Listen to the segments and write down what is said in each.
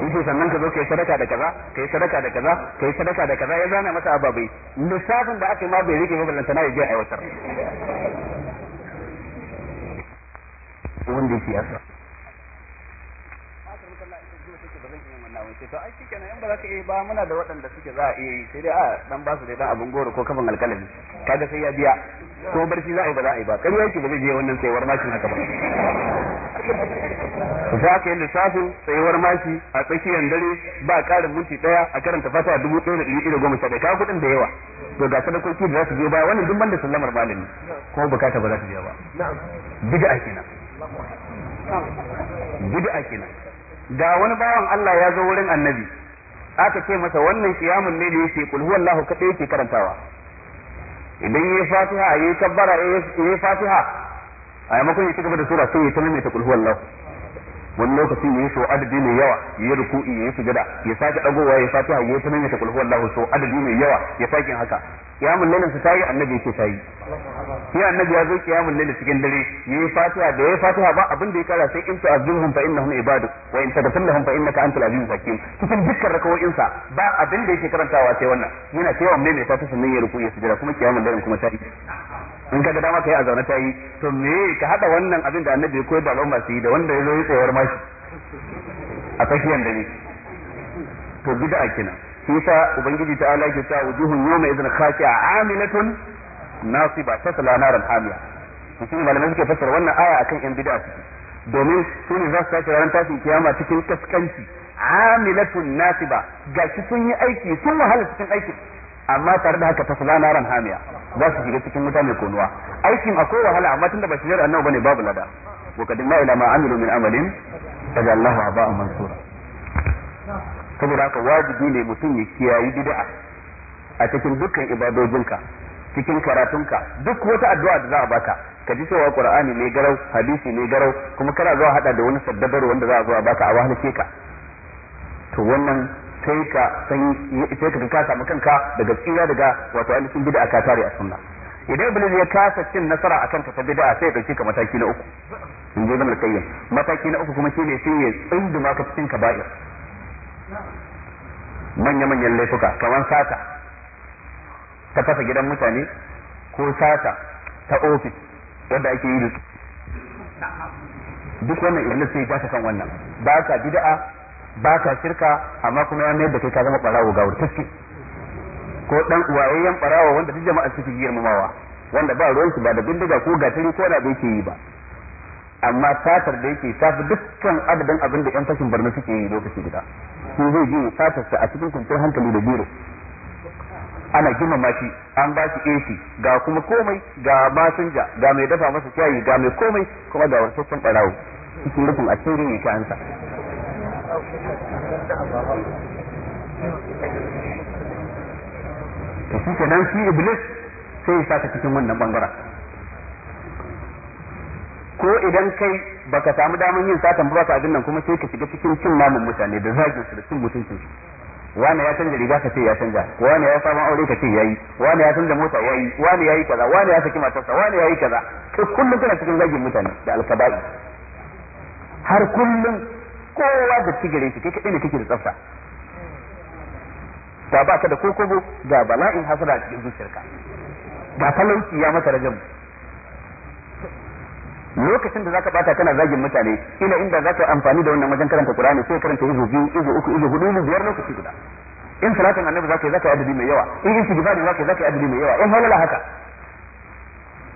yace sannan ka zo kai sadaka da kaza kai sadaka da kaza kai sadaka da kaza ya zana masa ababai lissafin da aka yi ma bai rike ba ballanta na yaje aiwatar wanda yake yasa to ai shi kenan ba za ka iya ba muna da waɗanda suke za a iya yi sai dai a dan ba su dai dan abin goro ko kafin alkalami kaga sai ya biya ko barci za a yi ba za a yi ba kan yanki ba zai je wannan tsayuwar mashi haka ba za ka yi lissafin tsayuwar mashi a tsakiyar dare ba ƙarin minti ɗaya a karanta tafasa dubu ɗaya da ɗari da goma sha ɗaya kuɗin da yawa to ga sadakoki da za su je ba wannan duk banda sallamar malami kuma bukata ba za su je ba bid'a kenan bid'a kenan ga wani bawan Allah ya zo wurin annabi aka ce masa wannan qiyamul layli yake kulhu wallahu kadai yake karantawa idan yayi fatiha yi tabbara yi fatiha a maimakon ya ci gaba da sura sai yi ta maimaita kul huwallahu wani lokaci ne so adadi mai yawa yi ruku'i ya yi sujada ya sake dagowa ya fatiha ya ta nan ta kulhu Allah so adadi mai yawa ya fakin haka mun lailin su tayi annabi yake tayi sai annabi ya zo kiyamul lailin cikin dare ya yi fatiha da ya fatiha ba abin da ya kara sai in ta'azzurhum fa innahum ibadu wa in tadfil lahum fa innaka antal azizul hakim cikin dukkan rakawoyin sa ba abin da yake karantawa sai wannan yana cewa mai mai fatiha sannan ya ruku'i ya sujada kuma kiyamul lailin kuma tayi in ka ga dama kai a zaune ta yi to me ka hada wannan abin da annabi ya koyar da al'umma su yi da wanda ya zo yi tsayuwar mashi a tsakiyar dare to bid'a kina. shi sa ubangiji ta ala ke ta wujuhun yawma idan a amilatun nasiba tasla naran hamiya shi malamai suke fassara wannan aya akan yan bid'a domin su ne za su tashi ranar tashin kiyama cikin kaskanci amilatun nasiba shi sun yi aiki sun wahala cikin aikin amma tare da haka tasla naran hamiya za su shiga cikin mutane konuwa aikin akwai wahala amma tunda ba shigar annabi bane babu lada wa ma ila ma amilu min amalin daga Allah wa ba'a mansura saboda haka wajibi ne mutum ya kiyayi bid'a a cikin dukkan ibadojinka cikin karatunka duk wata addu'a da za a baka ka ji cewa qur'ani ne garau hadisi ne garau kuma kana zuwa hada da wani saddabar wanda za a zo a baka a wahalce ka to wannan sai ka san sai ka ka samu kanka daga tsira daga wato ainihin bid'a ka tare a sunna idan iblis ya kasa cin nasara akan ka ta bid'a sai ya dauke ka mataki na uku in ji zama kai mataki na uku kuma shi ne sai ya tsinduma ka cikin kaba'ir manya-manyan laifuka kamar sata ta fasa gidan mutane ko sata ta ofis wadda ake yi da duk wannan iblis sai ya kan wannan ba ka bid'a ba ka shirka amma kuma ya mayar da kai ka zama barawo ga wurtaske ko dan uwayayyen barawo wanda duk jama'a suke girmamawa wanda ba ruwan su ba da bindiga ko gatari ko da bai ke yi ba amma satar da yake tafi fi dukkan adadin abin da yan fashin barna suke yi lokaci guda su zai ji satar a cikin kuntar hankali da biro ana girmama shi an ba shi AC ga kuma komai ga masinja ga mai dafa masa shayi ga mai komai kuma ga wancan barawo cikin rufin asirin ya sha'ansa to shi nan shi iblis sai ya saka cikin wannan bangara ko idan kai baka samu damar yin satan ba ka abin nan kuma sai ka shiga cikin cin namun mutane da zagin su da cin mutuncin su wani ya canza riga ka ce ya canza wani ya samu aure ka ce yayi wani ya canza mota yayi wani yayi kaza wani ya saki matarsa wani yayi kaza kai kullum kana cikin zagin mutane da alkaba'i har kullum kowa da gare shi kai kaɗai ne kake da tsafta ba ka da kokobo ga bala'in hasara a cikin zuciyarka ga talauci ya maka rajam lokacin da zaka bata kana zagin mutane ina inda zaka amfani da wannan wajen karanta Qur'ani sai karanta izu biyu izu uku izu hudu izu biyar lokaci guda in salatin annabi zaka yi zaka yi adadi mai yawa in istighfari zaka yi zaka yi adadi mai yawa in halala haka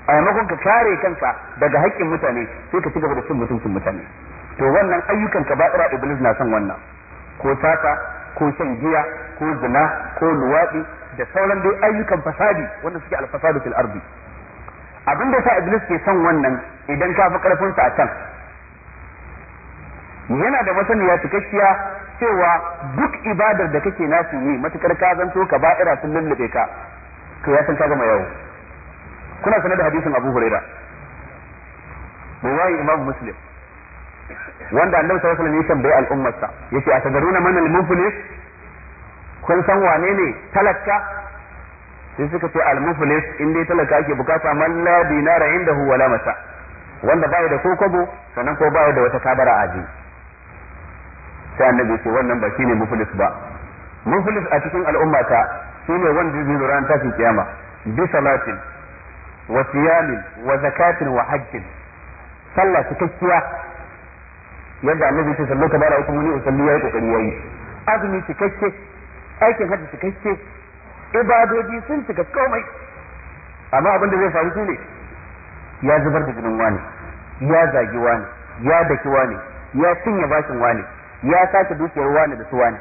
a maimakon ka kare kanka daga haƙƙin mutane sai ka ci gaba da cin mutuncin mutane to wannan ayyukan ka kaba'ira iblis na son wannan ko sata ko shan giya ko zina ko luwaɗi da sauran dai ayyukan fasadi wanda suke alfasadu fil ardi abin da sa iblis ke son wannan idan ka fi karfin sa a can yana da masaniya cikakkiya cewa duk ibadar da kake nasu yi matukar ka zanto ka ba'ira sun lullube ka to ya san ka gama yawo kuna sanar da hadisin abu huraira wayi imam muslim wanda annabi sallallahu alaihi wasallam ya tambaye al'ummarsa yace a tadaruna man al-muflis kun san wane ne talaka sai suka ce al-muflis in dai talaka ake bukata man la dinara indahu wala mata wanda bai da kokobo sannan ko baya da wata kabara a ji sai annabi ce wannan ba shine muflis ba muflis a cikin al'ummata shine wanda zai zo ran tashin kiyama bi salatin wa siyamin wa zakatin wa hajjin sallah cikakkiya yadda annabi ce sallo ka bara hukumu ne ya yayi kokari yayi azumi cikakke aikin hajji cikakke ibadoji sun cika komai amma abin da zai faru sune ya zubar da jinin wani ya zagi wani ya daki wani ya cinye bashin wani ya sake dukiyar wani da su wani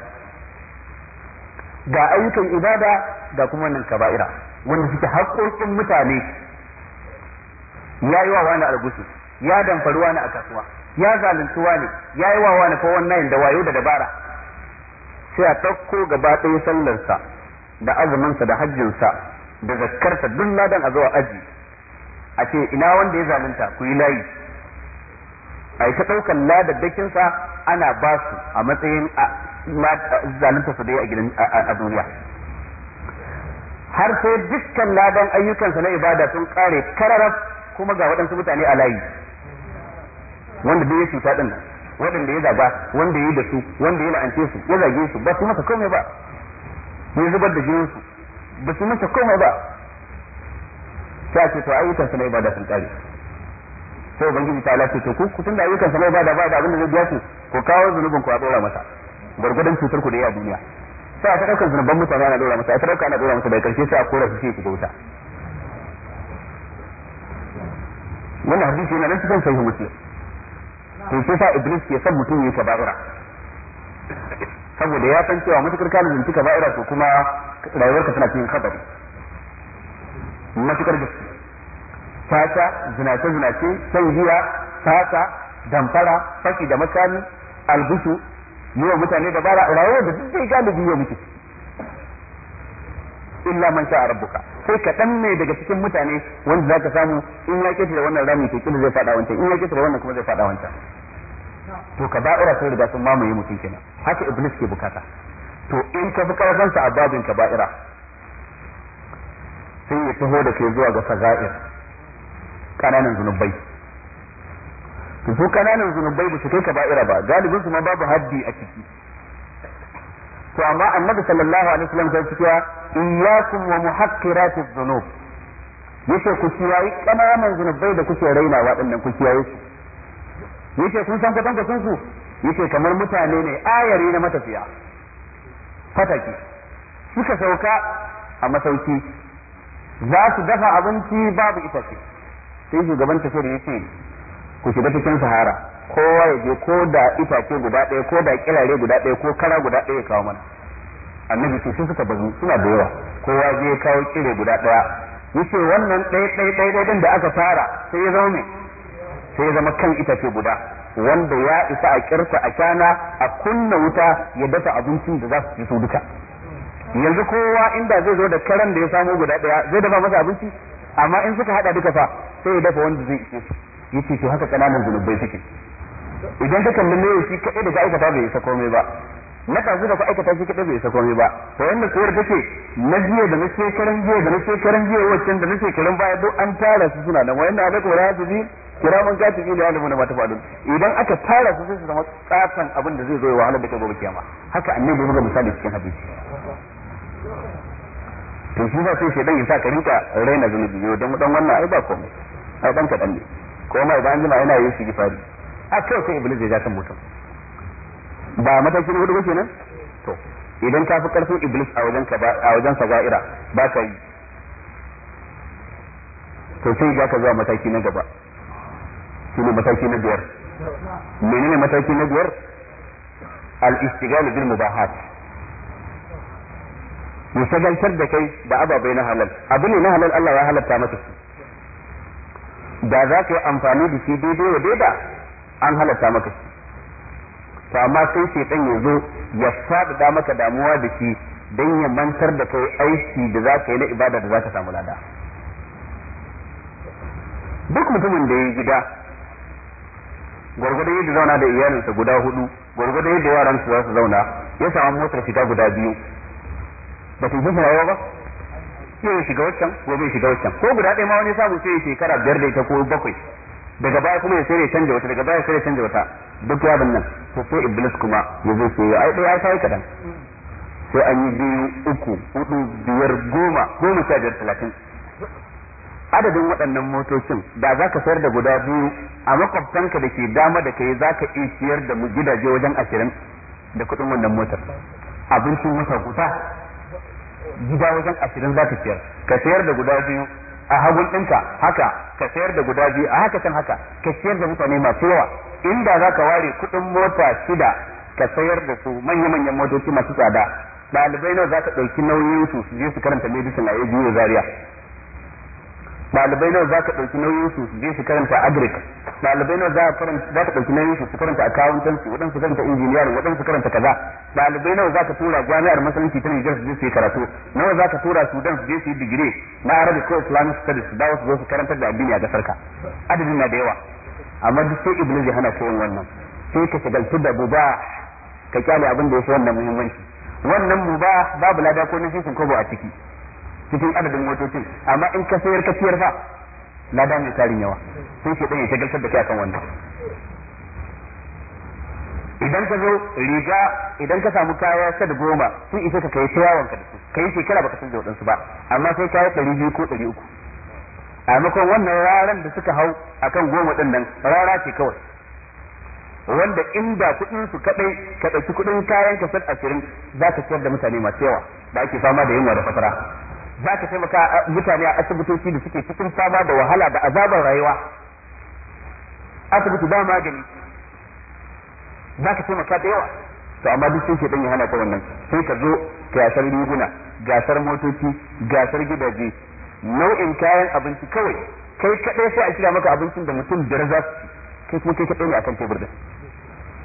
ga ayyukan ibada ga kuma nan kaba'ira wanda suke haƙoƙin mutane ya yi wa wani algusu ya damfari wani a kasuwa ya zalunci wani ya yi wa wani fa wannan da wayo da dabara sai a ɗauko gaba ɗaya sallarsa da azuminsa da hajjinsa da zakkarsa duk ladan a zuwa aji a ce ina wanda ya zalunta ku yi layi a yi ta ɗaukan ladadakinsa ana ba su a matsayin zalunta su dai a gidan a duniya har sai dukkan ladan ayyukansa na ibada sun ƙare kararraf kuma ga waɗansu mutane a layi wanda duk ya cuta din nan waɗanda ya zaga wanda ya yi da su wanda ya la'ance su ya zage su ba su masa komai ba mai zubar da jinin su ba su masa komai ba ta ce to ayyukan sa na ibada sun kare sai ubangiji ta lafi to ku tun da ayyukan sa na ibada ba da abin da zai biya su ko kawo zunubin ku a dora masa gwargwadon cutar ku da ya duniya sai a ta daukar zunuban mutane ana dora masa a ta dauka ana dora masa bai karshe sai a kora su sai ku bauta wannan hadisi yana nan cikin sahih muslim to shi sa iblis ke son mutum ya kaba'ira saboda ya san cewa matukar ka lalace kaba'ira to kuma rayuwarka tana cikin kabari matukar gaske fata zinace zinace san giya fata damfara faki da makami albusu yi wa mutane dabara rayuwar da duk sai galibi ya mutu illa man sha'a rabbuka sai kaɗan ne daga cikin mutane wanda zaka samu in ya da wannan rami to kin zai faɗa wancan in ya da wannan kuma zai faɗa wancan to ka ba'ira sun riga sun mamaye mutum kenan haka iblis ke bukata to in ka fi karfansa sa babin ka ba'ira sai ya taho da ke zuwa ga faza'ir kananan zunubai to su kananan zunubai ba su kai ka ba'ira ba galibin su ma babu haddi a ciki to amma annabi sallallahu alaihi wasallam sai cewa iyyakum wa muhaqqiratiz dhunub yace ku kiyaye kananan zunubai da kuke raina waɗannan ku kiyaye su yace kun san kwatan sun su yace kamar mutane ne ayari na matafiya fataki suka sauka a masauki za su dafa abinci babu ce. sai shugaban tafiyar yace ku shiga cikin sahara kowa ya je ko da itace guda ɗaya ko da kirare guda ɗaya ko kara guda ɗaya ya kawo mana annabi ce sun suka bazu suna da yawa kowa zai ya kawo kire guda ɗaya yace wannan ɗaya ɗaya ɗaya ɗaya da aka fara sai ya zama sai ya zama kan itace guda wanda ya isa a kirsa a sana a kunna wuta ya dafa abincin da za su ci su duka yanzu kowa inda zai zo da karan da ya samu guda ɗaya zai dafa masa abinci amma in suka hada duka fa sai ya dafa wanda zai ishe su yace to haka kananan zunubai suke idan ka kalli ne shi kaɗai da ka aikata bai isa komai ba na kasu da ka aikata shi kaɗai bai isa komai ba to yanda kuwar take na jiya da na shekaran jiya da na shekaran jiya waccan da na shekaran baya duk an tara su suna nan wayanna alaikum mun rahmatullahi kiraman da ne mun na mata fadun idan aka tara su sai su zama tsatsan abin da zai zo ya wahala da kai kiyama haka annabi ya buga misali cikin hadisi to shi ba sai shi ya sa ka rinka raina zunubi yau dan wannan ai ba komai ai dan kaɗan ne ko ma idan jima yana yin shi gifari a sai iblis ya ja mutum ba mataki na hudu ba nan? to idan ka fi karfin iblis a wajen ka a wajen sagaira ba ka yi to sai ya ka zuwa mataki na gaba shine mataki na biyar menene mataki na biyar al-istighal bil mubahat ya shagaltar da kai da ababai na halal abu ne na halal Allah ya halatta maka su da za ka yi amfani da shi daidai wa daidai an halatta maka shi to amma sai shaitan ya zo ya faɗaɗa maka damuwa da shi don ya mantar da kai aiki da za ka yi na ibada da za ka samu lada duk mutumin da ya yi gida gwargwadon yadda zauna da iyalinsa guda hudu gwargwadon yadda yaransa za su zauna ya samu motar shiga guda biyu ba su gusa yawa ba yau shiga waccan gobe shiga waccan ko guda ɗaya ma wani samu sai shekara biyar da ita ko bakwai daga baya kuma ya sai canja wata daga baya sai canja wata duk bin nan to sai iblis kuma ya zo sai ya ai dai ai sai kadan sai an yi biyu uku hudu biyar goma goma sha biyar talatin adadin waɗannan motocin da za ka sayar da guda biyu a makwabtanka da ke dama da kai za ka iya siyar da mu gidaje wajen ashirin da kuɗin wannan motar abincin wata guda gida wajen ashirin za ka siyar ka sayar da guda biyu a hagun ɗinka haka ka sayar da guda biyu a haka can haka ka sayar da mutane masu yawa inda za ka ware kuɗin mota shida ka sayar da su manya-manyan motoci masu tsada ɗalibai nawa za ka ɗauki nauyin su su je su karanta medicine a ABU Zaria ɗalibai nawa za ka ɗauki nauyin su su je su karanta agric ɗalibai nawa za ka ɗauki nauyin su su karanta accountancy waɗansu karanta engineer waɗansu karanta kaza ɗalibai nawa za ka tura jami'ar masallaci ta Nijar su je su yi karatu nawa za ka tura Sudan su je su yi digire na Arabic ko Islamic studies su dawo su zo su karanta da addini a gasar ka adadin na da yawa amma duk sai Iblis ya hana ka yin wannan sai ka shagaltu da buba ka kyale abin da ya fi wannan muhimmanci wannan mubah babu lada ko nasisin kobo a ciki cikin adadin motocin amma in ka sayar ka siyar fa lada mai tarin yawa sai shi ya shagaltar da kai akan wannan idan ka zo riga idan ka samu kaya ka da goma sun isa ka kai tiyawan ka da su kai shekara baka san da waɗansu ba amma sai kaya ɗari biyu ko ɗari uku a makon wannan raran da suka hau akan goma ɗin nan rara ce kawai wanda inda kuɗin su kaɗai ka ɗauki kuɗin kayan kasar ashirin za ka ciyar da mutane masu yawa da ake fama da yunwa da fasara za ka taimaka mutane a asibitoci da suke cikin fama da wahala da azabar rayuwa asibiti ba magani za ka taimaka da yawa to amma duk sun ke dan hana ta wannan sai ka zo gasar riguna gasar motoci gasar gidaje nau'in kayan abinci kawai kai kaɗai sai a kira maka abincin da mutum biyar za su kai kuma kai kaɗai ne akan tebur din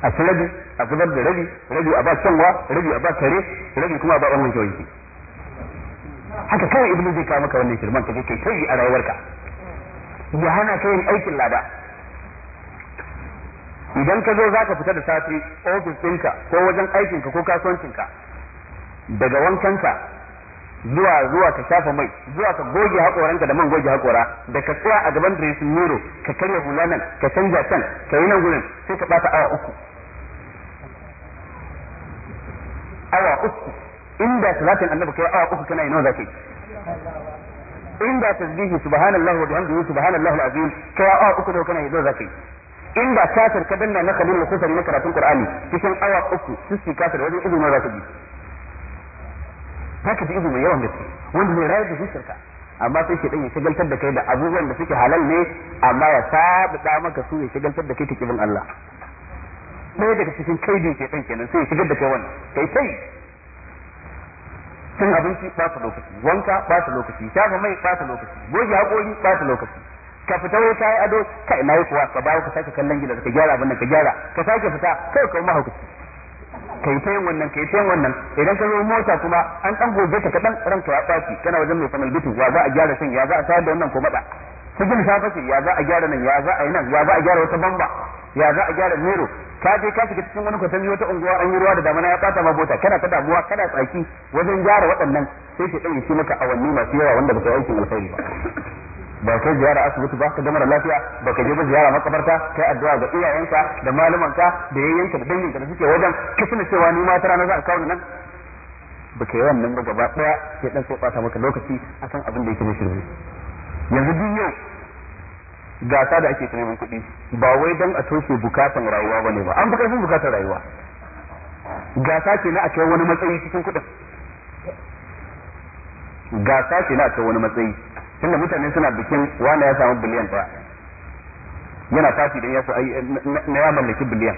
a ci rabi a zubar da rabi rabi a ba canwa rabi a ba kare rabi kuma a ba ɓangon kyauki haka kawai ibnu zai kawo maka wannan shirman ka kai kai a rayuwarka ya hana ka yin aikin lada idan ka zo za fita da safe ofis ɗinka ko wajen aikinka ko kasuwancinka daga wankanka zuwa zuwa ka shafa mai zuwa ka goge ka da man goge hakora da ka tsaya a gaban dressing mirror ka karya hula nan ka canja can ka yi nan gurin sai ka ɓata awa uku awa uku inda salatin annabi kai awa uku kana yi nawa zaka yi inda tasbihi subhanallahi wa bihamdihi subhanallahi alazim kai awa uku da kana yi nawa zaka yi inda kasar ka danna na kalin kusari na karatun qur'ani cikin awa uku sisi kasar wajen izinin zaka ji haka da izini mai yawan gaske wanda mai rayar da zuciyarka amma sai shedan ya shigaltar da kai da abubuwan da suke halal ne amma ya sabida maka su ya shigaltar da kai ta kibin Allah ɗaya daga cikin kaidin shedan kenan sai ya shigar da kai wannan kai kai cin abinci ɓata lokaci wanka ɓata lokaci shafa mai ɓata lokaci goge haƙori ɓata lokaci ka fita wai kayi ado kai na yi kuwa ka bawo ka sake kallon gida ka gyara abin ka gyara ka sake fita kai ka mahaukaci kai ta yin wannan kai ta yin wannan idan ka zo mota kuma an ɗan gobe ta kaɗan ranka ya ɓaci kana wajen mai sanar bitin wa za a gyara shin ya za a tayar da wannan ko maɗa cikin ta ya za a gyara nan ya za a yi nan ya za a gyara wata bamba ya za a gyara nero ka je ka shiga cikin wani kwatami wata unguwa an yi ruwa da damana ya bata ma bota kana ta damuwa kana tsaki wajen gyara waɗannan sai ke ɗauke shi maka awanni masu yawa wanda ba ta aikin alfahari ba ba kai ziyara asibiti ba ka gamar lafiya ba ka je ba ziyara makabarta kai addu'a ga iyayenka da malamanka da yayyanka da danginka da suke wajen ka tuna cewa ni ma rana za a kawo nan ba ka yi wannan ba gaba ɗaya sai ɗan sai ɓata maka lokaci akan abin da yake na shirme yanzu duk yau gasa da ake neman kuɗi ba wai don a toshe bukatan rayuwa ba ne ba an fi karfin bukatan rayuwa gasa ke na a kai wani matsayi cikin kuɗin gasa ke na a kai wani matsayi tunda mutane suna bikin wani ya samu biliyan ɗaya yana tafi don ya so na ya mallaki biliyan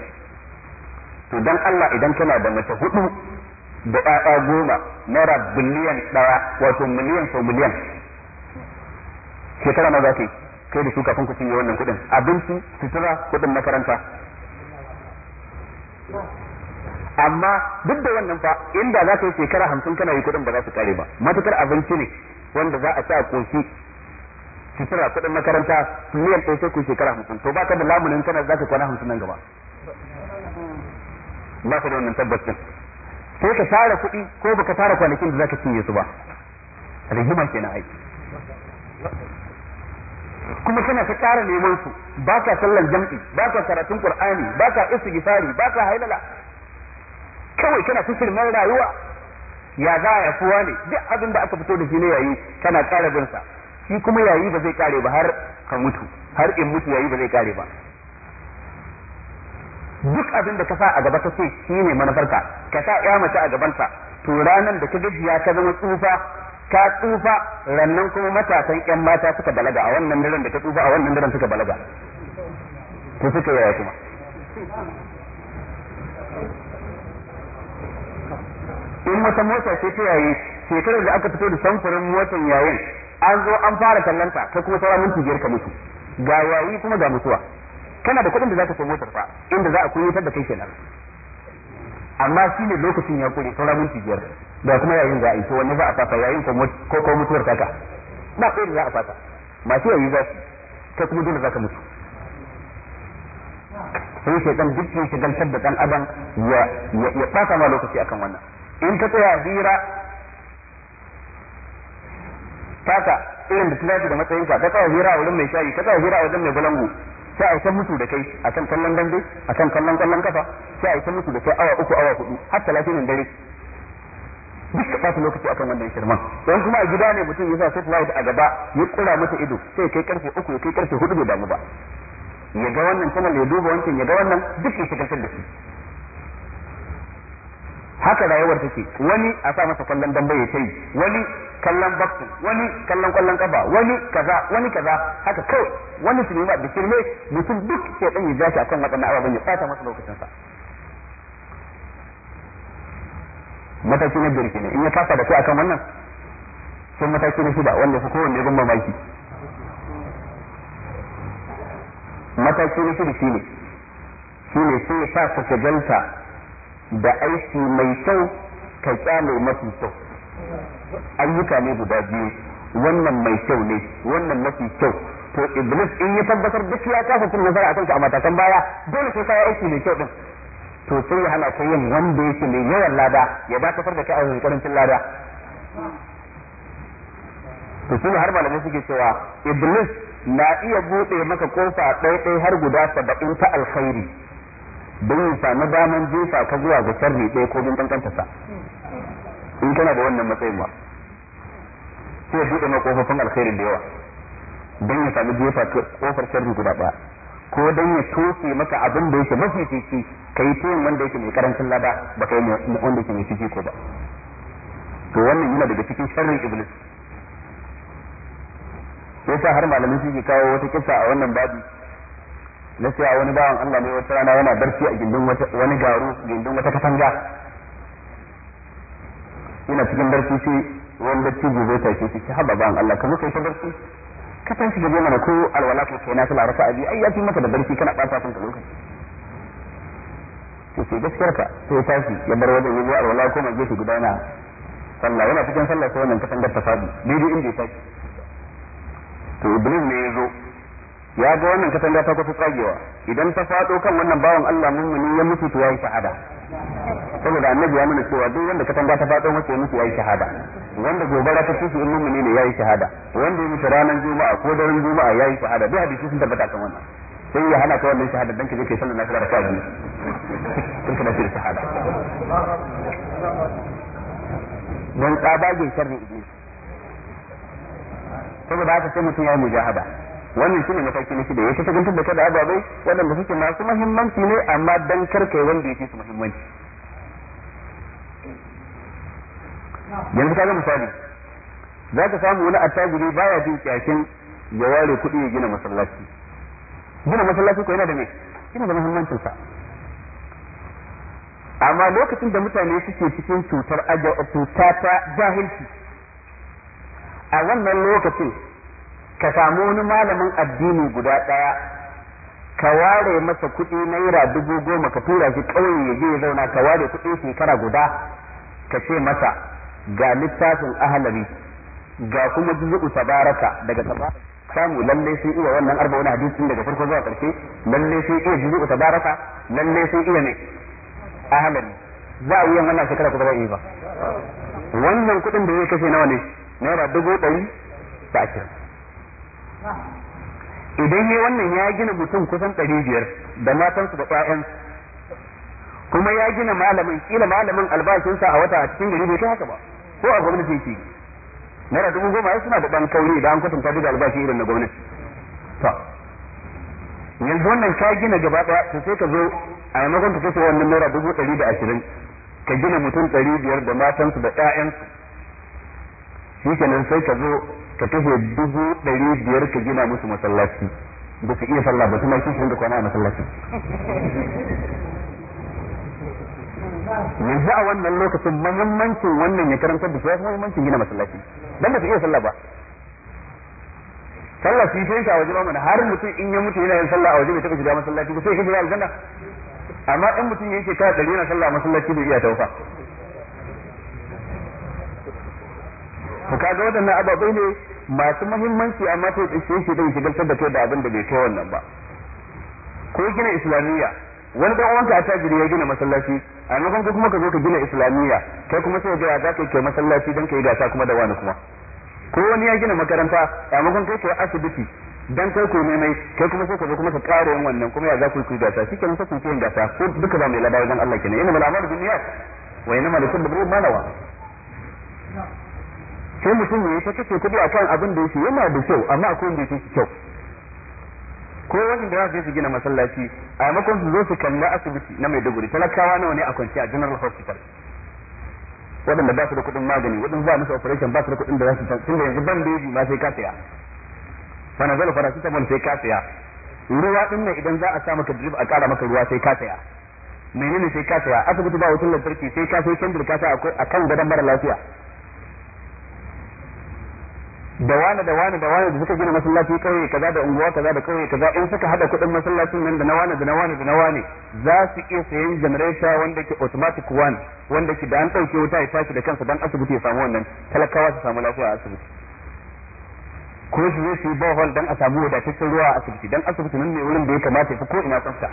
to dan Allah idan kana da mace hudu da ƴaƴa goma naira biliyan ɗaya wato miliyan sau miliyan shekara na za ka yi kai da su kafin ku cinye wannan kuɗin abinci sutura kuɗin makaranta amma duk da wannan fa inda za ka yi shekara hamsin kana yi kuɗin ba za su kare ba matukar abinci ne wanda za a sa a ƙoshi sutura kuɗin makaranta miliyan ɗaya sai ku shekara hamsin to ba ka da lamunin kana za ka kwana hamsin nan gaba ba ka da wannan tabbacin sai ka tara kuɗi ko ba ka tara kwanakin da za ka cinye su ba rigima kenan aiki kuma kana ta ƙara neman su ba ka sallar jam'i ba ka karatun qur'ani ba ka istighfari ba ka hailala kawai kana ta shirmar rayuwa ya za ya fuwa ne duk abin da aka fito da shi ne yayi kana ƙara bin sa shi kuma yayi ba zai kare ba har ka mutu har in mutu yayi ba zai kare ba duk abin da ka sa a gaba ka ce shi ne manufarka ka sa ya mace a sa to ranar da ka gajiya ka zama tsufa ta tsufa rannan kuma matasan ƴan mata suka balaga a wannan daren da ta tsufa a wannan daren suka balaga ko suka yaya kuma in wata mota ce ta yayi shekarar da aka fito da samfurin motan yayin an zo an fara kallonta ta kuma sauran minti biyar ka mutu ga yayi kuma ga mutuwa kana da kuɗin da za ka sai motar fa inda za a ta da kai kenan amma shine lokacin ya kure sauran minti biyar ba kuma yayin za a yi wani wanne za a fata yayin ko ko mutuwar taka ba sai da za a fata masu yayi za su kai kuma dole za ka mutu sai dan duk sun shigantar da dan adam ya ya ma lokaci akan wannan in ka tsaya hira taka irin da tunashi da matsayin ka tsaya hira a wurin mai shayi ka tsaya hira a wajen mai balangu sai a yi mutu da kai a kan kallon dambe kan kallon kallon kafa sai a yi mutu da kai awa uku awa hudu har talatin dare ka ɓata lokaci akan wannan shirman don kuma a gida ne mutum ya sa satellite a gaba ya kura masa ido sai kai karfe uku ya kai karfe hudu bai damu ba ya ga wannan channel ya duba wancan ya ga wannan duk ya shigar da shi haka rayuwar take wani a sa masa kallon dambe ya kai wani kallon boxing wani kallon kwallon kafa wani kaza wani kaza haka kai wani sinima da shirme mutum duk sai dan ya jashi akan waɗannan ababen ya ɓata masa lokacinsa mataki na birki ne in ya kafa da kai akan wannan sai mataki na shida wanda su kowanne ban mamaki mataki na shida shi ne sai ya sa ka ganta da aiki mai kyau ka kyale mafi kyau ayyuka ne guda biyu wannan mai kyau ne wannan mafi kyau to iblis in ya tabbatar duk ya kafa cin nasara akan ka a matakan baya dole sai ka aiki mai kyau din to sai ya hana ka yin wanda yake mai yawan lada ya dakatar da kai a karancin lada to shi har malamai suke cewa iblis na iya buɗe maka kofa ɗaiɗai har guda saba'in ta alkhairi don ya samu daman jefa ka zuwa ga sharri ɗaya ko bin sa in kana da wannan matsayin ba sai ya buɗe maka kofofin alkhairin da yawa don ya samu jefa kofar sharri guda ɗaya ko dan ya toke maka abin da yake mafi fifi kai tuyin wanda yake mai karancin lada ba kai wanda yake mai fifi ko ba to wannan yana daga cikin sharrin iblis sai sa har malamin suke kawo wata kisa a wannan babi na a wani bawan Allah ne wata rana yana barci a gindin wani garo gindin wata katanga yana cikin barci sai wanda cikin zai ta shi haba bawan Allah kamar kai ta barci ka tashi gaje mana ko alwala ko kai na fila abi ai ya fi maka da barci kana ɓata kanka lokaci to sai gaskiyar ka sai ya tashi ya bar wajen yazo alwala ko mai gefe guda yana sallah yana cikin sallah sai wannan kasan ta fadi daidai inda ya tashi to iblis ne ya zo ya ga wannan katanga ta kwafi tsagewa idan ta faɗo kan wannan bawan Allah mummuni ya mutu to yayi shahada saboda annabi ya nuna cewa duk wanda katanga ta faɗo masa ya mutu yayi shahada wanda gobara ta tushe in mummuni ne yayi shahada wanda ya mutu ranar juma'a ko daren juma'a yayi shahada duk hadisi sun tabbata kan wannan sai ya hana ka wannan shahada dan ka je kai sallar nafila da kaji kun kana shi shahada dan tsabagen sharri iblis saboda haka sai mutum yayi mujahada wannan shine mataki na shida ya ta gantar da kada ababai waɗanda suke masu mahimmanci ne amma dan karkai wanda ya fi su muhimmanci yanzu kaga misali za ka samu wani attajiri baya jin kyashin ya ware kuɗi ya gina masallaci gina masallaci ko yana da me yana da muhimmancin sa amma lokacin da mutane suke cikin cutar cuta ta jahilci a wannan lokacin ka samu wani malamin addini guda ɗaya ka ware masa kuɗi naira dubu goma ka tura shi ƙauye ya je ya zauna ka ware kuɗi shekara guda ka ce masa ga littafin ahalari ga kuma juzu'u tabaraka daga tabaraka samu lalle sai iya wannan arba wani hadisin daga farko zuwa ƙarshe lalle sai iya juzu'u tabaraka lalle sai iya ne ahalari za a yi yin wannan shekara kuma ba yi ba wannan kuɗin da zai kashe nawa ne naira dubu ɗari da ashirin idan yi wannan ya gina mutum kusan ɗari biyar da matansu da ƴaƴan kuma ya gina malamin kila malamin albashinsa a wata a cikin gari bai ta haka ba ko a gwamnati yake naira dubu goma ya suna da ɗan kauri da an kwatanta duk albashi irin na gwamnati to yanzu wannan ka gina gaba ɗaya to sai ka zo a maimakon ka kashe wannan naira dubu ɗari da ashirin ka gina mutum ɗari biyar da matansu da ƴaƴansu kenan sai ka zo ka kashe dubu ɗari biyar ka gina musu masallaci ba su iya sallah ba su ma kishin da kwana a masallacin yanzu a wannan lokacin mahimmancin wannan ya karanta da shi mahimmancin gina masallaci dan da su iya sallah ba sallah shi yanka a waje ba mana har mutum in ya mutu yana yin sallah a waje bai taɓa shiga masallaci ba sai ya shiga aljanna amma in mutum ya yi shekara ɗari yana sallah a masallaci bai iya taufa to kaga waɗannan ababai ne masu muhimmanci amma sai da shi shi shigar da kai da abin da bai kai wannan ba ko gina islamiyya wani dan uwanka a tajiri ya gina masallaci a maimakon kuma ka zo ka gina islamiyya kai kuma sai ga za ka kai masallaci dan kai gasa kuma da wani kuma ko wani ya gina makaranta a maimakon kai kai asibiti dan kai ko ne mai kai kuma sai ka zo kuma ka ƙara yin wannan kuma ya za ku yi gasa kenan sai ku yi gasa ko duka ba mai labarin dan Allah kenan yana malabar duniya wa inna malikul buru malawa sai mutum ya yi ta kace kuɗi akan abin da yake yana da kyau amma akwai wanda yake kyau ko wani da zai gina masallaci a makon su zo su kalli asibiti na Maiduguri talakawa nawa ne a kwanci a General Hospital waɗanda ba su da kuɗin magani waɗanda za musu operation ba su da kuɗin da za su tun da yanzu bandeji ba sai ka saya fanazol paracetamol sai ka ruwa din nan idan za a sa maka drip a ƙara maka ruwa sai ka menene sai ka asibiti ba wutar lantarki sai ka sai kendir ka sa a kan gadon mara lafiya da wane da wane da wane da suka gina masallaci kauye kaza da unguwa kaza da kauye kaza in suka hada kudin masallacin nan da na wane da na wane da na wane za su iya sayan janareta wanda ke automatic one wanda ke da an dauke wuta ya tashi da kansa dan asibiti ya samu wannan talakawa su samu lafiya a asibiti ko shi zai su yi bohol dan a samu wadataccen ruwa a asibiti dan asibiti nan ne wurin da ya kamata ya fi ko ina tsafta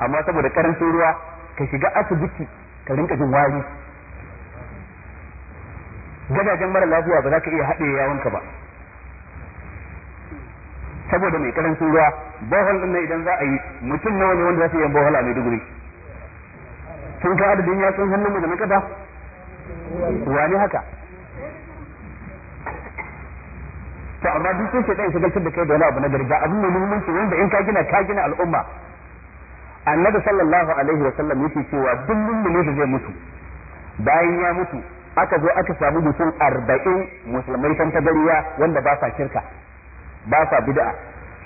amma saboda karancin ruwa ka shiga asibiti ka rinka jin wari gadajen mara lafiya ba za ka iya haɗe yawanka ba saboda mai karancin ruwa bohol din nan idan za a yi mutum nawa ne wanda za su yi bohol a Maiduguri sun ka adadin ya hannun hannunmu da na wa wani haka to amma duk sun shaidan shagaltar da kai da wani abu na garga abin mai muhimmanci wanda in ka gina ka gina al'umma annabi sallallahu alaihi wa sallam yake cewa duk mummune da zai mutu bayan ya mutu aka zo aka samu mutum arba'in musulmai san tagariya wanda ba sa shirka ba sa bid'a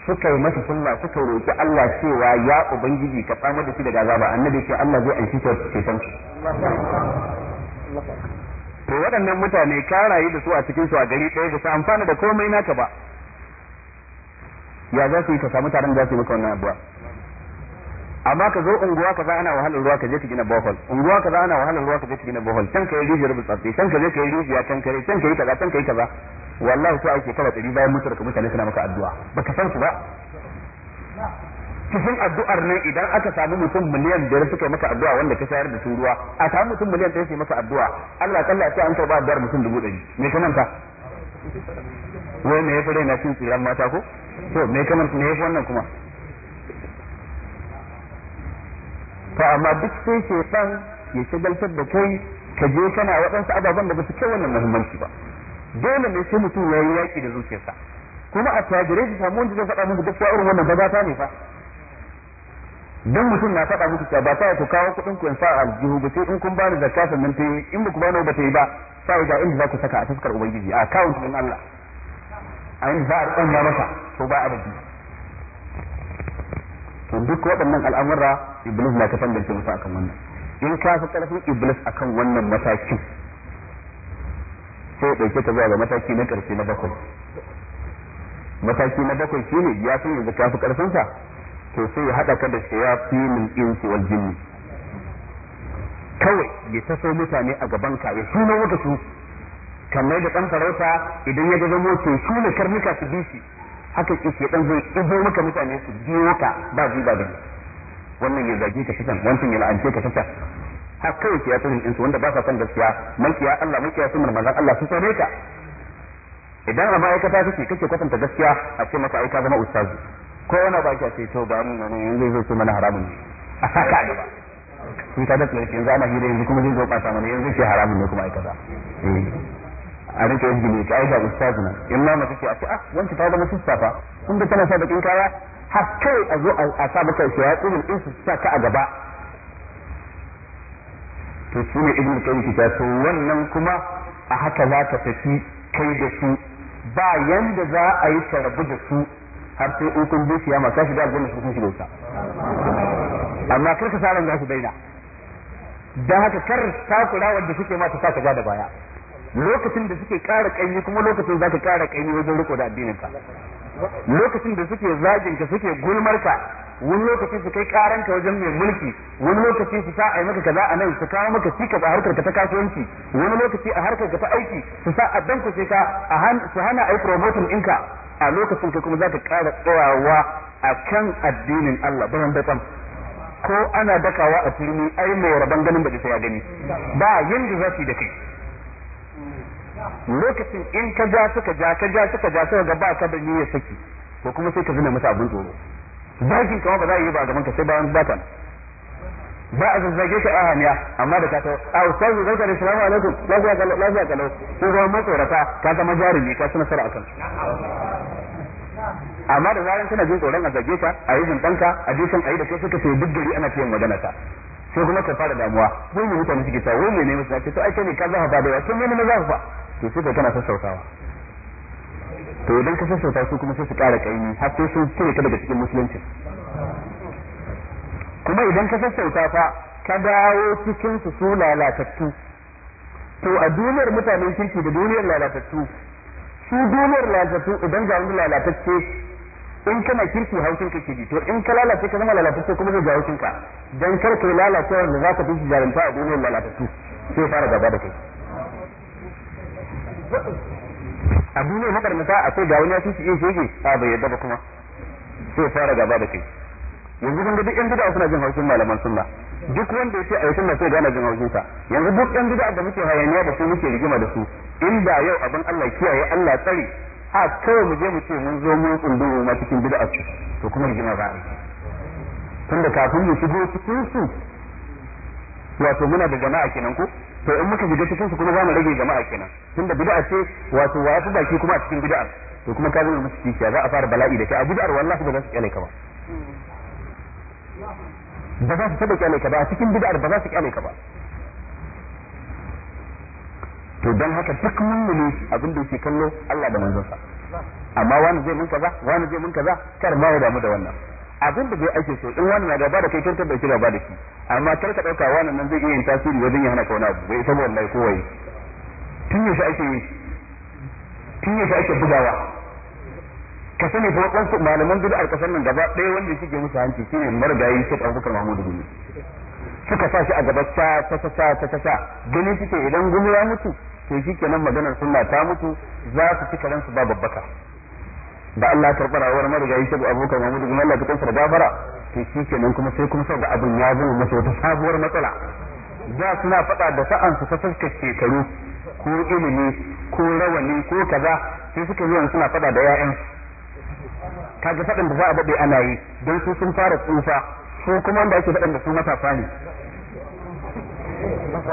suka yi masa sunna suka roki Allah cewa ya ubangiji ka samar da shi daga azaba annabi ce Allah zai anshi ce san to waɗannan mutane ka rayu da su a cikin su a gari ɗaya ba su amfana da komai naka ba ya za su yi ka samu taron da za su yi maka wannan abuwa amma ka zo unguwa kaza ana wahalar ruwa ka je ka gina bohol unguwa kaza ana wahalar ruwa ka je ka gina bohol can ka yi rijiyar bisafi can ka je ka yi rijiya can ka yi can ka yi kaza can ka yi kaza wallahi sai ake kala ɗari bayan mutar ka mutane suna maka addu'a baka san su ba cikin addu'ar nan idan aka samu mutum miliyan biyar suka yi maka addu'a wanda ka shayar da su ruwa a samu mutum miliyan ɗaya su yi maka addu'a Allah kalla sai an karɓa addu'ar mutum dubu ɗari me ka manta wai me ya fi na cin tsiran mata ko to me manta me ya wannan kuma to amma duk sai shaitan ya shagaltar da kai ka je kana waɗansu ababen da ba su kai wannan muhimmanci ba dole ne sai mutum ya yi yaƙi da zuciyarsa kuma a tajirai su samu wanda zai faɗa musu duk sha'urin wannan ba ta ne fa dan mutum na faɗa muku cewa ba ta ku kawo kuɗin ku in sa aljihu ba sai in kun bani zakka sannan ta yi in ba ku bani ba ta yi ba sai ga inda za ku saka a taskar ubangiji a account din Allah a inda za a ya masa to ba abadi duk waɗannan al'amura iblis na ta fandance musu akan wannan in ka fi karfin iblis akan wannan matakin sai dauke ta zuwa ga mataki na karfi na bakwai mataki na bakwai shine ya san yanzu ka fi karfin sa to sai ya hada ka da shayatinin insu wal jinni kawai ya taso mutane a gaban ka ya suna wata su kamar da dan farauta idan ya ga zamo ke suna karnuka su bi shi haka ke dan zai ibo maka mutane su biyo ka ba ji ba gani wannan ya zage ka kasan wancan ya la'ance ka kasan har kawai ke yatsun insu wanda ba sa son gaskiya makiya Allah makiya sun manzon Allah su sore ka idan a ma'aikata kake kake kwatanta gaskiya a ce maka aika zama ustazi ko wani ba ka ce to ba mun nan yanzu zai so mana haramun ne a haka a gaba kun ta da yanzu ana hira yanzu kuma zai zo ba mana yanzu ce haramun ne kuma aikata eh, a rike yanzu ne ka aika ustazu nan in ma mace ce a ce ah wancan ta zama sista fa kun da tana sa bakin kaya har kai a zo a sa maka tsirin in su sa ka a gaba to shi ne kai qayyim ta to wannan kuma a haka za ka tafi kai da su ba yanda za a yi ka rabu da su har sai in kun bi kiyama ka da aljanna su kun shiga wuta amma kar ka saran za su daina dan haka kar takura wanda suke ma ta sa ka da baya lokacin da suke ƙara kanyi kuma lokacin za ka ƙara kanyi wajen riko da addinin ka lokacin da suke zagin ka suke gulmar ka wani lokaci su kai karanta wajen mai mulki wani lokaci su sa a yi maka kaza a nan su kawo maka cika a harkar ka ta kasuwanci wani lokaci a harkar ka ta aiki su sa a sai ka su hana a yi promoting ɗinka a lokacin ka kuma za ka ƙara tsayawa a kan addinin Allah ba da tsam ko ana dakawa a turmi ai mai rabon ganin baki sai ya gani ba yanda za da kai lokacin in ka ja suka ja ka ja suka ja suka ga ba ka da niyyar saki ko kuma sai ka zina masa abin tsoro zagin kama ba za a yi ba a gaban ka sai bayan batan ba a zazzage ka a haniya amma da ka tawo a ustazu zaka da salamu alaikum lafiya ga lafiya kalau ko ga matsorata ka zama jarumi ka suna nasara akan amma da zaran kana jin tsoron a zage ka a yi zintanka a dukan ayi da kai suka ce duk gari ana fiye magana ta sai kuma ka fara damuwa wani mutane suke ta wani ne masu ake to ai kai ne ka zafa ba da yawa kin ne na zafa to sai kana sassautawa to idan ka sassauta su kuma sai su ƙara ƙaimi har sai sun cire ka daga cikin musulunci kuma idan ka sassauta fa ka dawo cikin su su lalatattu to a duniyar mutanen kirki da duniyar lalatattu su duniyar lalatattu idan ga wani lalatacce in kana kirki haushin ka kiri to in ka lalace ka zama lalatacce kuma zai ga haushin ka dan kar ka lalacewa da zaka fi jarumta a duniyar lalatattu sai fara gaba da kai a duniyar makarmata a ga wani ya fi iya shege a bai yadda ba kuma sai fara gaba da kai yanzu kun ga duk yan bid'a suna jin haushin malaman sunna duk wanda ya ce a sunna sai gane jin haushin sa yanzu duk yan gida da muke hayaniya da su muke rigima da su inda yau abin Allah kiyaye Allah tsare a kawai mu je mu ce mun zo mun tsunduru ma cikin bid'a to kuma rigima ba tunda kafin mu shigo cikin su wato muna da jama'a kenan ko to in muka shiga cikin su kuma za mu rage jama'a kenan tunda bid'a ce wato wa yafi baki kuma a cikin bid'a to kuma ka zama musu kiciya za a fara bala'i da kai a bid'ar wallahi ba za su kyale ka ba ba za su taba kyale ka ba a cikin bid'ar ba za su kyale ka ba to dan haka duk ne abin da yake kallo Allah da manzon sa amma wani zai mun kaza wani zai mun kaza kar ma ya damu da wannan abin da zai ake so in wannan gaba da kai kin da kira ba da shi amma kar ka dauka wannan nan zai iya yin tasiri wajen ya hana ka wani abu bai wallahi ko tun yaushe ake yi tun yaushe ake bugawa ka sani ko wasu malaman bid'ar kasan nan gaba ɗaya wanda yake musu hanci shine marigayi ɗan fukar Mahmud Gumi suka sa shi a gaba ta ta ta ta ta gani suke idan gumi ya mutu to shikenan maganar sunna ta mutu za su ci karansu ba babbaka da Allah ya karɓa rawar marigayi shi abokan Mahmud duk Allah ka kansa da gafara to shi kenan kuma sai kuma sai da abin ya zama masa wata sabuwar matsala da suna faɗa da sa'an su ta fuskar shekaru ko ilimi ko rawani ko kaza sai suka yi suna faɗa da ƴaƴan kaga faɗin da za a bade ana yi don su sun fara tsufa ko kuma wanda ake faɗin da su matafa ne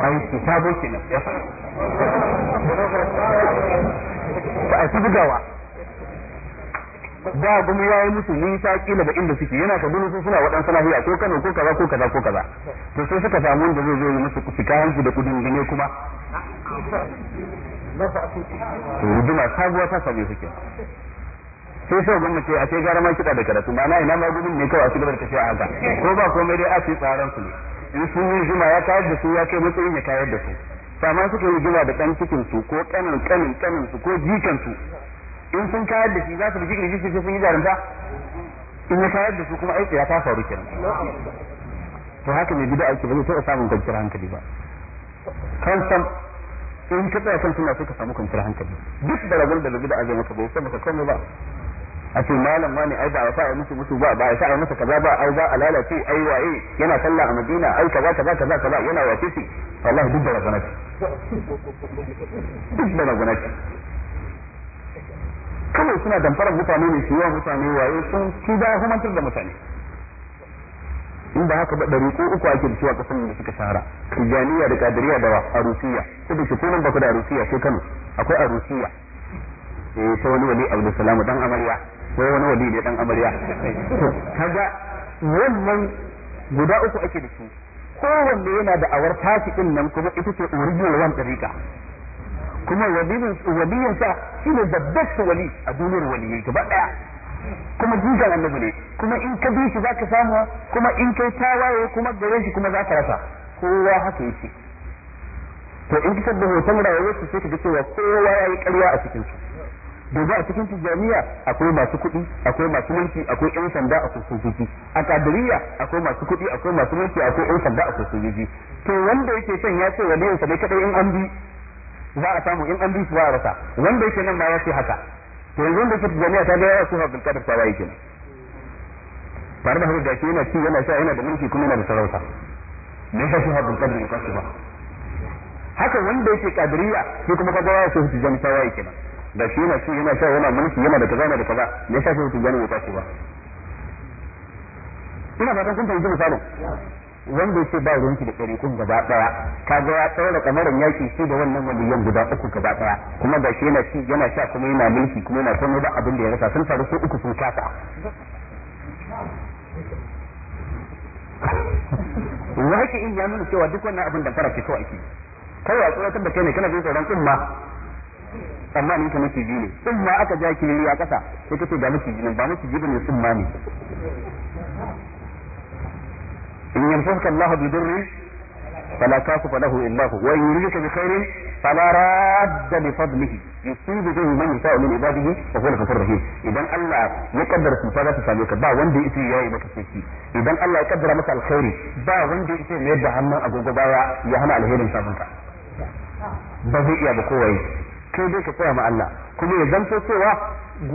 ai su sabo kenan ya fa ba a bugawa da kuma yayi musu nisa kila da inda suke yana kaduna su suna waɗansu lahiya ko kano ko kaza ko kaza ko kaza to sai suka samu wanda zai zo yi musu fikahansu da kudin gine kuma to ruduna sabuwa ta same suke sai sai gwamna ce a ce gara ma kiɗa da karatu ma'ana ina ma gudun ne kawai a cigaba da tafiya haka ko ba komai dai a ce tsaron su ne in sun yi juma ya kayar da su ya kai matsayin ya kayar da su sama suka yi juma da ɗan cikinsu ko ƙanin ƙanin ƙanin su ko jikansu. in sun kayar da shi za su bi shi jikin sun yi jarumta in ya kayar da su kuma aiki ya ta faru kenan to haka mai bid'a aiki ba zai taɓa samun kwanciyar hankali ba kan in ka tsaya kan suna sai ka samu kwanciyar hankali duk da ragon da lubi a azai maka bai sai maka komai ba a ce malam ne ai ba a sa musu musu ba ba a sa masa kaza ba ai ba a lalace ai waye yana sallah a madina ai kaza kaza kaza kaza yana wace shi wallahi duk da ragonaki duk da ragonaki kawai suna damfarar mutane ne su yi wa mutane waye sun su da hukumantar da mutane in ba haka ba dari ko uku ake da cewa kasan da suka shahara tijaniya da kadiriya da arusiya ko da shekunan baku da arusiya sai kano akwai arusiya eh ta wani wali abu salamu dan amarya ko wani wali ne dan amarya kaga wannan guda uku ake da su kowanne yana da awar fasikin nan kuma ita ce original one dariƙa kuma waliyin sa shine ne best wali a duniyar waliyai gaba daya kuma jigan annabi ne kuma in ka bi shi zaka samu kuma in kai tawaye kuma gare shi kuma zaka rasa kowa haka yake to in kisar da hoton rayuwar su sai ka ga cewa kowa yayi karya a cikin su domin a cikin tijjaniya akwai masu kuɗi akwai masu mulki akwai yan sanda akwai sojoji a kadiriya akwai masu kuɗi akwai masu mulki akwai yan sanda akwai sojoji to wanda yake son ya ce waliyansa ne kadai in an bi za a samu in an bi su ba a rasa wanda yake nan ba ya ce haka to yanzu wanda ke jami'a ta biya yawa su haɗin Qadir ta yake kina. tare da da ke yana ci yana sha yana da mulki kuma yana da sarauta me yasa shi Abdul Qadir ya ba haka wanda yake kadiriya shi kuma kaga ya su su jami'a ta yake kina da shi yana ci yana sha yana mulki yana da kaza yana da kaza me ya su su jami'a ta ba ina fatan kun fahimci misalin wanda yace ba ruwanki da ɗariƙun gaba ɗaya ga ya da kamarin yaki shi da wannan waliyan guda uku gaba ɗaya kuma ga shi yana ci yana sha kuma yana mulki kuma yana komai ba abin da ya rasa sun faru ko uku sun kasa wake in ya nuna cewa duk wannan abin da fara ke kawai ke kawai a tsoratar da kai ne kana jin tsoron tsumma amma ni ka maciji ne tsumma aka ja kiriri a ƙasa sai kace ga maciji ne ba maciji ne tsumma ne in yamsaka Allah bi durri fala kasfa lahu illa hu wa yuridka bi khairin fala radda li fadlihi yusibu bihi man yasha'u min ibadihi wa huwa al idan Allah ya kaddara su fa ta same ka ba wanda ya ce yayi idan Allah ya kaddara maka alkhairi ba wanda ya mai da hannun agogo baya ya hana alherin sabunta ba iya ba kowaye kai dai ka tsaya ma Allah kuma ya zanto cewa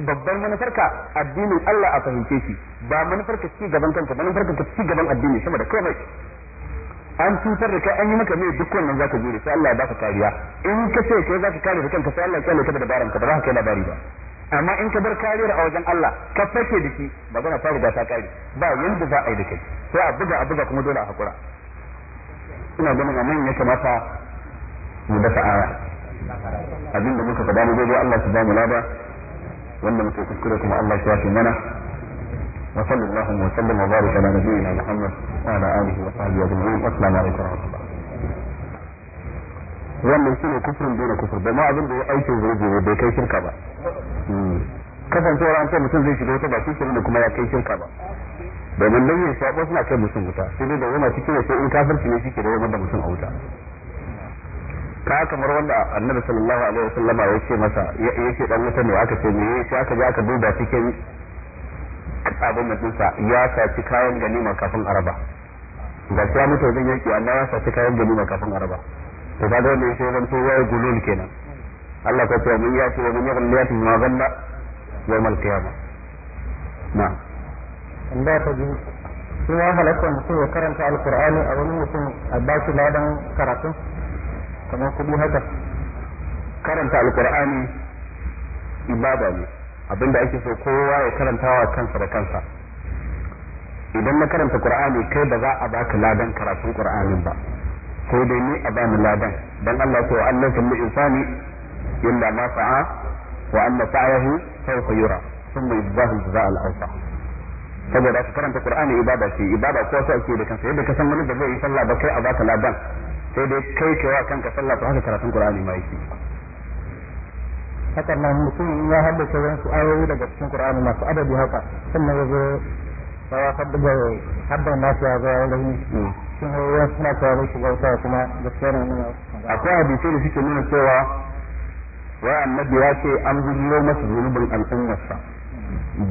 babban manufarka addinin Allah a fahimce shi ba manufarka ci gaban kanka manufarka ta ci gaban addini sama da komai an cutar da kai an yi maka mai duk wannan zaka jure sai Allah ya baka kariya in ka ce kai zaka kare da kanka sai Allah ya kare ka da dabaran ka ba za ka kai labari ba amma in ka bar kariyar a wajen Allah ka fake da shi magana fara da ta kare ba yanda za a yi da kai sai a buga a buga kuma dole a hakura ina ganin a nan ya kamata mu dafa aya abin da muka faɗa ne daidai Allah su ba mu lada wanda muke kuskure kuma Allah ya yafe mana wa sallallahu wa sallam wa baraka ala nabiyyina Muhammad wa ala alihi wa sahbihi ajma'in assalamu alaikum wa rahmatullah wannan shine kufrin dole kufur da ma abin da ya aikin zai bai kai shirka ba hmm. kasancewar an ce mutum zai shiga wata ba shi da kuma ya kai shirka ba domin nan yin sabo suna kai mutum wuta sai dai da yana cikin wasu in kafirci ne shi ke da yana da mutum a wuta ka kamar wanda annabi sallallahu alaihi wasallama ya ce masa ya ce dan wuta ne aka ce me sai aka je aka duba cikin abin sa ya saci kayan ganima kafin araba da sai mutum zan yake Allah ya saci kayan ganima kafin araba to kaga wanda yake zan to wai gulul kenan Allah ka ce mun ya ce mun yakan liyati ma ganna mal kiyama na inda ta ji ya halatta mutum ya karanta alqur'ani a wani mutum a baki ladan karatun kamar kudu haka karanta alkur'ani ibada ne abinda ake so kowa ya karanta wa kansa da kansa idan na karanta qur'ani kai ba za a baka ladan karatun qur'anin ba sai dai ni a bani ladan dan Allah ya Allah kullu insani illa ma sa'a wa anna sa'yahu sawfa yura thumma yujzahu jazaa al-awsa saboda ka karanta qur'ani ibada ce ibada ko sai ake da kansa yadda ka san wani da zai yi sallah ba kai a baka ladan sai dai kai wa kanka sallah to haka karatun qur'ani ma yake haka nan mutum ya haddace su ayoyi daga cikin qur'ani masu adadi haka sannan ya zo ya haddace na nasu ya zo ya shi sun hawa suna kawo shi gauta kuma gaskiya ne akwai hadisi da suke nuna cewa wa annabi ya ce an gudunar masa zunubin al'ummarsa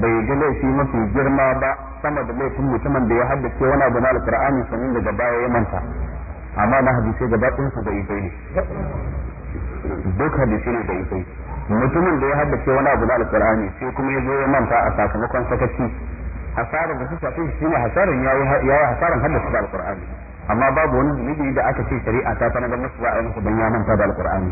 bai ga laifi mafi girma ba sama da laifin mutumin da ya haddace wani abu na alkur'ani sannan daga baya ya manta amma na hadisai gaba ɗin su da ifai ne duk hadisai ne da ifai mutumin da ya haddace wani abu da alkur'ani sai kuma ya zo ya manta a sakamakon sakaci hasarar da su shafi shi ne hasarar ya yi hasarar haddace da alƙur'ani amma babu wani zunubi da aka ce shari'a ta tana da masu ra'ayin su don ya manta da alƙur'ani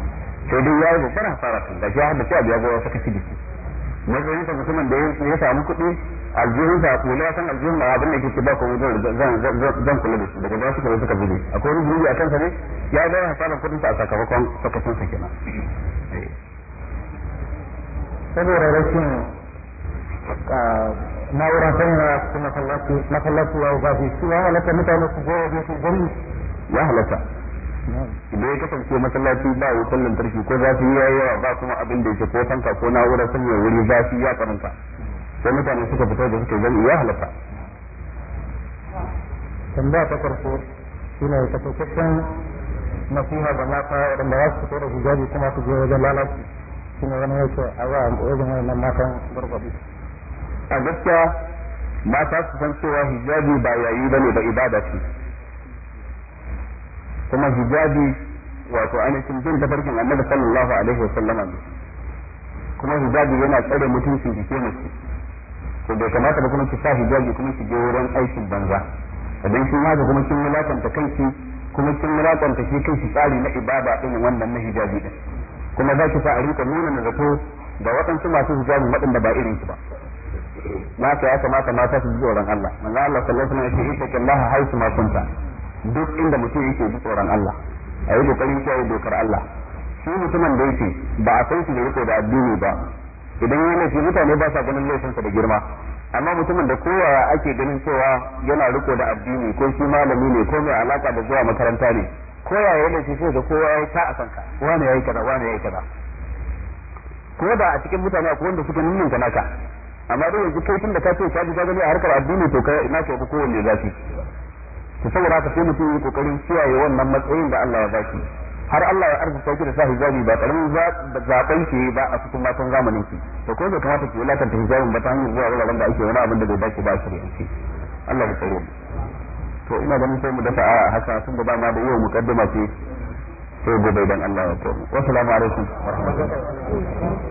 sai dai ya yi babbar hasara tun da shi ya haddace abu ya zo ya sakaci da shi mazaunin sa mutumin da ya samu kuɗi aljihun ta ko na san aljihun ma abin da yake ba ko zan zan zan kula da shi daga ba su kuma suka bude akwai wani guri a kansa ne ya ga hasaran kudin ta a sakamakon sakacin sa kenan eh. saboda rashin ah, na'urar sanarwa su masallaci ya ba su shi ya halatta mutane su zo da su gani ya halatta idan ya kasance masallaci ba wutan lantarki ko zafi ya yawa ba kuma abin da yake ko fanka ko na'urar sanya wuri zafi ya karanta ومتعني سكة بتاجة سكة جانئ يا أهلا فعلا تنبع تكرفو سينا يتكوكشا نصيها جماعة رمضات كتورة جزاجة كما تجيه جلالة سينا غنيوشا أغام أغام أغام أغام أغام أغام ما تاس فانسوا هجاجي با يأيباني با إبادتي كما هجاجي وأتواني سنجين تبركين أمد صلى الله عليه وسلم كما هجاجي ينا تأيب متنسي بكيمسي to bai kamata ba kuma ki sa hijabi kuma ki je wurin aikin banza idan kin haka kuma kin mulakanta kanki kuma kin mulakanta shi kanki tsari na ibada din wannan na hijabi din kuma za ki sa a rika nuna na zato da waɗansu masu hijabi waɗanda ba irin ki ba na ka ya kamata mata su ji tsoron Allah manzo Allah sallallahu alaihi wasallam ya ce ittaqillaha haythu ma kunta duk inda mutum yake ji tsoron Allah ayi kokarin kiyaye dokar Allah shi mutumin da yake ba a san shi da riko da addini ba idan ya laifi mutane ba sa ganin laifinsa da girma amma mutumin da kowa ake ganin cewa yana riko da addini ko shi malami ne ko mai alaka da zuwa makaranta ne ko ya yi laifi sai da kowa ya yi ta a kanka wani ya yi kaza wani ya yi kaza ko da a cikin mutane akwai wanda suka nuna ka naka amma dai yanzu kai tunda ka ce ka ji gani a harkar addini to kai na ka kowanne zafi to saboda haka sai mutum yi kokarin kiyaye wannan matsayin da Allah ya baki har Allah ya arzuta ki da sa hijabi ba karamin zaben ki ba a cikin matan zamanin ki to ko bai kamata ki ta hijabin ba ta hanyar zuwa wuraren da ake wani abin da bai dace ba a shi Allah ya tsare mu to ina ganin sai mu dafa a haka tun da ma da yau mukaddama ce sai gobe dan Allah ya tsare mu wassalamu alaikum